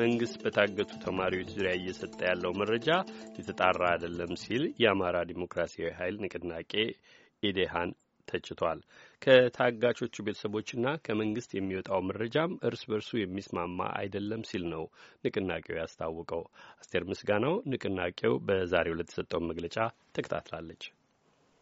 መንግስት በታገቱ ተማሪዎች ዙሪያ እየሰጠ ያለው መረጃ የተጣራ አይደለም ሲል የአማራ ዲሞክራሲያዊ ኃይል ንቅናቄ ኢዴሃን ተችቷል። ከታጋቾቹ ቤተሰቦችና ከመንግስት የሚወጣው መረጃም እርስ በርሱ የሚስማማ አይደለም ሲል ነው ንቅናቄው ያስታወቀው። አስቴር ምስጋናው ንቅናቄው በዛሬው ዕለት የሰጠውን መግለጫ ተከታትላለች።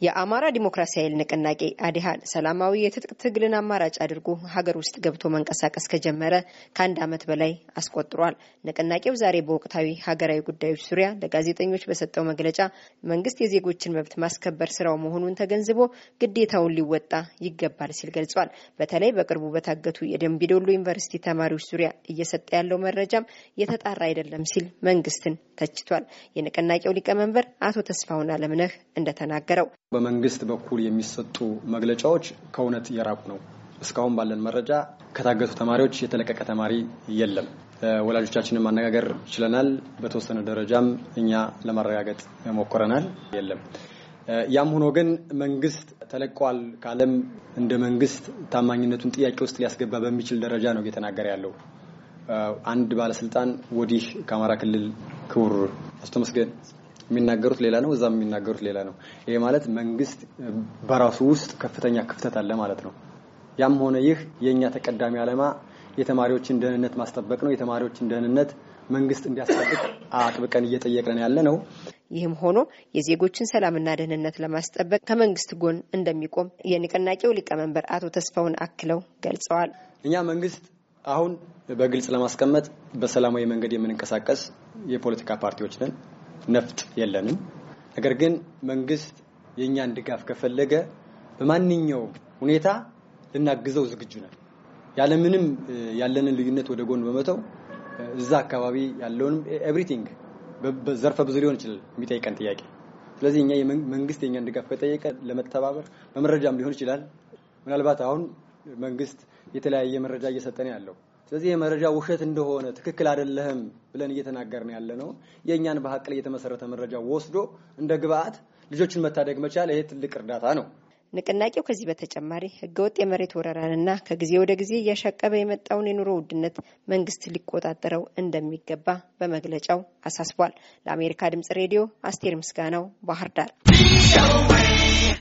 የአማራ ዲሞክራሲ ኃይል ንቅናቄ አዲሃን ሰላማዊ የትጥቅ ትግልን አማራጭ አድርጎ ሀገር ውስጥ ገብቶ መንቀሳቀስ ከጀመረ ከአንድ ዓመት በላይ አስቆጥሯል። ንቅናቄው ዛሬ በወቅታዊ ሀገራዊ ጉዳዮች ዙሪያ ለጋዜጠኞች በሰጠው መግለጫ መንግስት የዜጎችን መብት ማስከበር ስራው መሆኑን ተገንዝቦ ግዴታውን ሊወጣ ይገባል ሲል ገልጿል። በተለይ በቅርቡ በታገቱ የደምቢዶሎ ዩኒቨርሲቲ ተማሪዎች ዙሪያ እየሰጠ ያለው መረጃም የተጣራ አይደለም ሲል መንግስትን ተችቷል። የንቅናቄው ሊቀመንበር አቶ ተስፋውን አለምነህ እንደተናገረው በመንግስት በኩል የሚሰጡ መግለጫዎች ከእውነት የራቁ ነው። እስካሁን ባለን መረጃ ከታገቱ ተማሪዎች የተለቀቀ ተማሪ የለም። ወላጆቻችንን ማነጋገር ችለናል። በተወሰነ ደረጃም እኛ ለማረጋገጥ ሞክረናል። የለም። ያም ሆኖ ግን መንግስት ተለቋል ካለም እንደ መንግስት ታማኝነቱን ጥያቄ ውስጥ ሊያስገባ በሚችል ደረጃ ነው እየተናገረ ያለው። አንድ ባለስልጣን ወዲህ ከአማራ ክልል ክቡር አስቶመስገን የሚናገሩት ሌላ ነው፣ እዛም የሚናገሩት ሌላ ነው። ይሄ ማለት መንግስት በራሱ ውስጥ ከፍተኛ ክፍተት አለ ማለት ነው። ያም ሆነ ይህ የእኛ ተቀዳሚ ዓላማ የተማሪዎችን ደህንነት ማስጠበቅ ነው። የተማሪዎችን ደህንነት መንግስት እንዲያስጠብቅ አጥብቀን እየጠየቅን ያለ ነው። ይህም ሆኖ የዜጎችን ሰላምና ደህንነት ለማስጠበቅ ከመንግስት ጎን እንደሚቆም የንቅናቄው ሊቀመንበር አቶ ተስፋውን አክለው ገልጸዋል። እኛ መንግስት አሁን በግልጽ ለማስቀመጥ በሰላማዊ መንገድ የምንንቀሳቀስ የፖለቲካ ፓርቲዎች ነን። ነፍጥ የለንም። ነገር ግን መንግስት የእኛን ድጋፍ ከፈለገ በማንኛውም ሁኔታ ልናግዘው ዝግጁ ነን። ያለምንም ያለንን ልዩነት ወደ ጎን በመተው እዛ አካባቢ ያለውንም ኤቭሪቲንግ በዘርፈ ብዙ ሊሆን ይችላል የሚጠይቀን ጥያቄ። ስለዚህ እኛ መንግስት የእኛን ድጋፍ ከጠየቀ ለመተባበር በመረጃም ሊሆን ይችላል። ምናልባት አሁን መንግስት የተለያየ መረጃ እየሰጠን ያለው ስለዚህ የመረጃ ውሸት እንደሆነ ትክክል አይደለህም ብለን እየተናገርን ያለ ነው። የእኛን በሀቅ ላይ የተመሰረተ መረጃ ወስዶ እንደ ግብአት ልጆችን መታደግ መቻል ይሄ ትልቅ እርዳታ ነው። ንቅናቄው ከዚህ በተጨማሪ ህገወጥ የመሬት ወረራንና ከጊዜ ወደ ጊዜ እያሻቀበ የመጣውን የኑሮ ውድነት መንግስት ሊቆጣጠረው እንደሚገባ በመግለጫው አሳስቧል። ለአሜሪካ ድምጽ ሬዲዮ አስቴር ምስጋናው ባህር ዳር